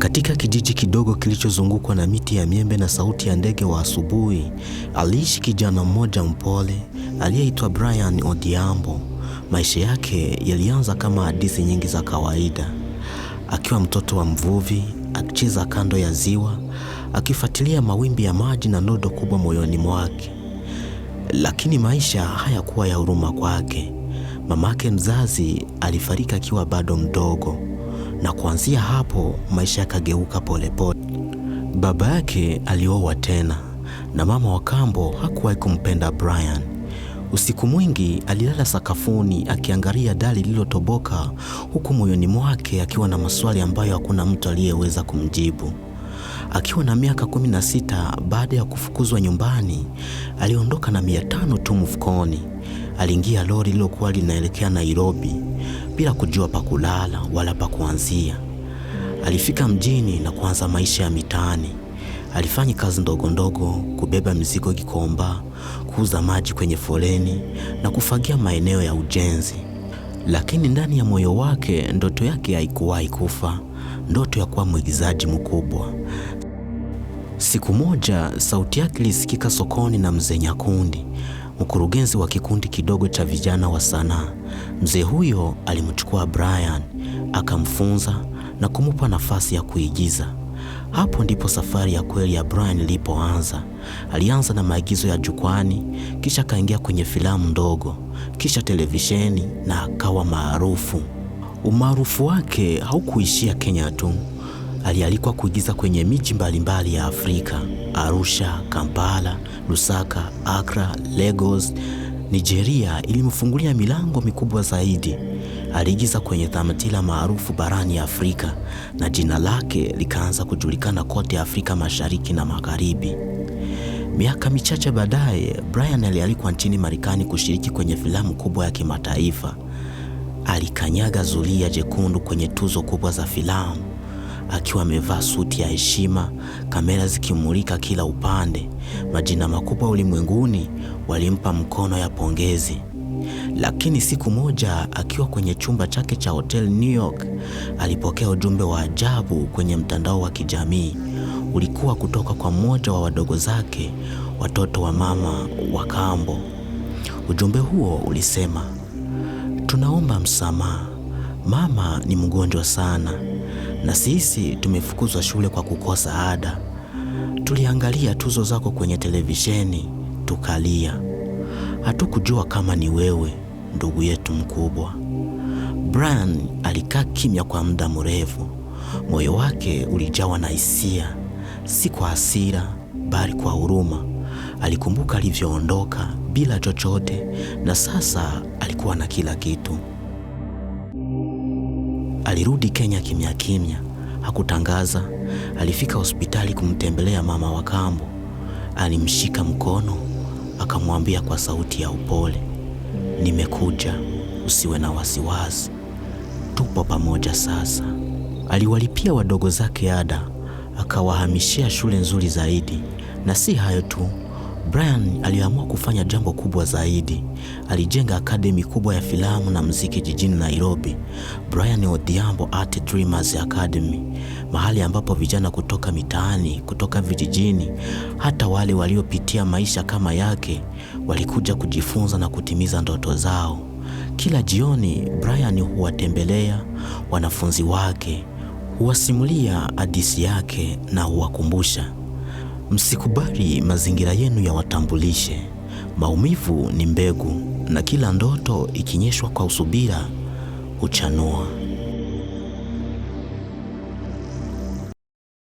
Katika kijiji kidogo kilichozungukwa na miti ya miembe na sauti ya ndege wa asubuhi, aliishi kijana mmoja mpole aliyeitwa Brian Odhiambo. Maisha yake yalianza kama hadithi nyingi za kawaida, akiwa mtoto wa mvuvi, akicheza kando ya ziwa, akifuatilia mawimbi ya maji na ndoto kubwa moyoni mwake. Lakini maisha hayakuwa ya huruma kwake. Mamake mzazi alifariki akiwa bado mdogo na kuanzia hapo maisha yakageuka polepole. Baba yake alioa tena na mama wa kambo hakuwahi kumpenda Brian. Usiku mwingi alilala sakafuni akiangalia dari lililotoboka, huku moyoni mwake akiwa na maswali ambayo hakuna mtu aliyeweza kumjibu. Akiwa na miaka kumi na sita, baada ya kufukuzwa nyumbani, aliondoka na mia tano tu mfukoni. Aliingia lori lililokuwa linaelekea Nairobi bila kujua pa kulala wala pa kuanzia. Alifika mjini na kuanza maisha ya mitaani. Alifanya kazi ndogo ndogo, kubeba mizigo Gikomba, kuuza maji kwenye foleni na kufagia maeneo ya ujenzi. Lakini ndani ya moyo wake ndoto yake haikuwahi kufa, ndoto ya kuwa mwigizaji mkubwa. Siku moja sauti yake ilisikika sokoni na mzee Nyakundi mkurugenzi wa kikundi kidogo cha vijana wa sanaa. Mzee huyo alimchukua Brian akamfunza na kumupa nafasi ya kuigiza. Hapo ndipo safari ya kweli ya Brian ilipoanza. Alianza na maigizo ya jukwani, kisha akaingia kwenye filamu ndogo, kisha televisheni na akawa maarufu. Umaarufu wake haukuishia Kenya tu alialikwa kuigiza kwenye miji mbalimbali ya Afrika: Arusha, Kampala, Lusaka, Accra, Lagos. Nigeria ilimfungulia milango mikubwa zaidi. Aliigiza kwenye tamthilia maarufu barani Afrika na jina lake likaanza kujulikana kote Afrika Mashariki na Magharibi. Miaka michache baadaye, Brian alialikwa nchini Marekani kushiriki kwenye filamu kubwa ya kimataifa. Alikanyaga zulia jekundu kwenye tuzo kubwa za filamu akiwa amevaa suti ya heshima, kamera zikimulika kila upande. Majina makubwa ulimwenguni walimpa mkono ya pongezi. Lakini siku moja akiwa kwenye chumba chake cha hotel New York, alipokea ujumbe wa ajabu kwenye mtandao wa kijamii. Ulikuwa kutoka kwa mmoja wa wadogo zake, watoto wa mama wa kambo. Ujumbe huo ulisema, tunaomba msamaha, mama ni mgonjwa sana na sisi tumefukuzwa shule kwa kukosa ada. Tuliangalia tuzo zako kwenye televisheni tukalia. Hatukujua kama ni wewe ndugu yetu mkubwa. Brian alikaa kimya kwa muda mrefu. Moyo wake ulijawa na hisia, si kwa hasira, bali kwa huruma. Alikumbuka alivyoondoka bila chochote na sasa alikuwa na kila kitu. Alirudi Kenya kimya kimya, hakutangaza. Alifika hospitali kumtembelea mama wa kambo. Alimshika mkono akamwambia kwa sauti ya upole, nimekuja, usiwe na wasiwasi, tupo pamoja sasa. Aliwalipia wadogo zake ada, akawahamishia shule nzuri zaidi, na si hayo tu Brian aliamua kufanya jambo kubwa zaidi. Alijenga akademi kubwa ya filamu na mziki jijini Nairobi, Brian Odhiambo Art Dreamers Academy, mahali ambapo vijana kutoka mitaani, kutoka vijijini, hata wale waliopitia maisha kama yake walikuja kujifunza na kutimiza ndoto zao. Kila jioni, Brian huwatembelea wanafunzi wake, huwasimulia hadithi yake na huwakumbusha Msikubali mazingira yenu yawatambulishe. Maumivu ni mbegu, na kila ndoto ikinyeshwa kwa usubira huchanua.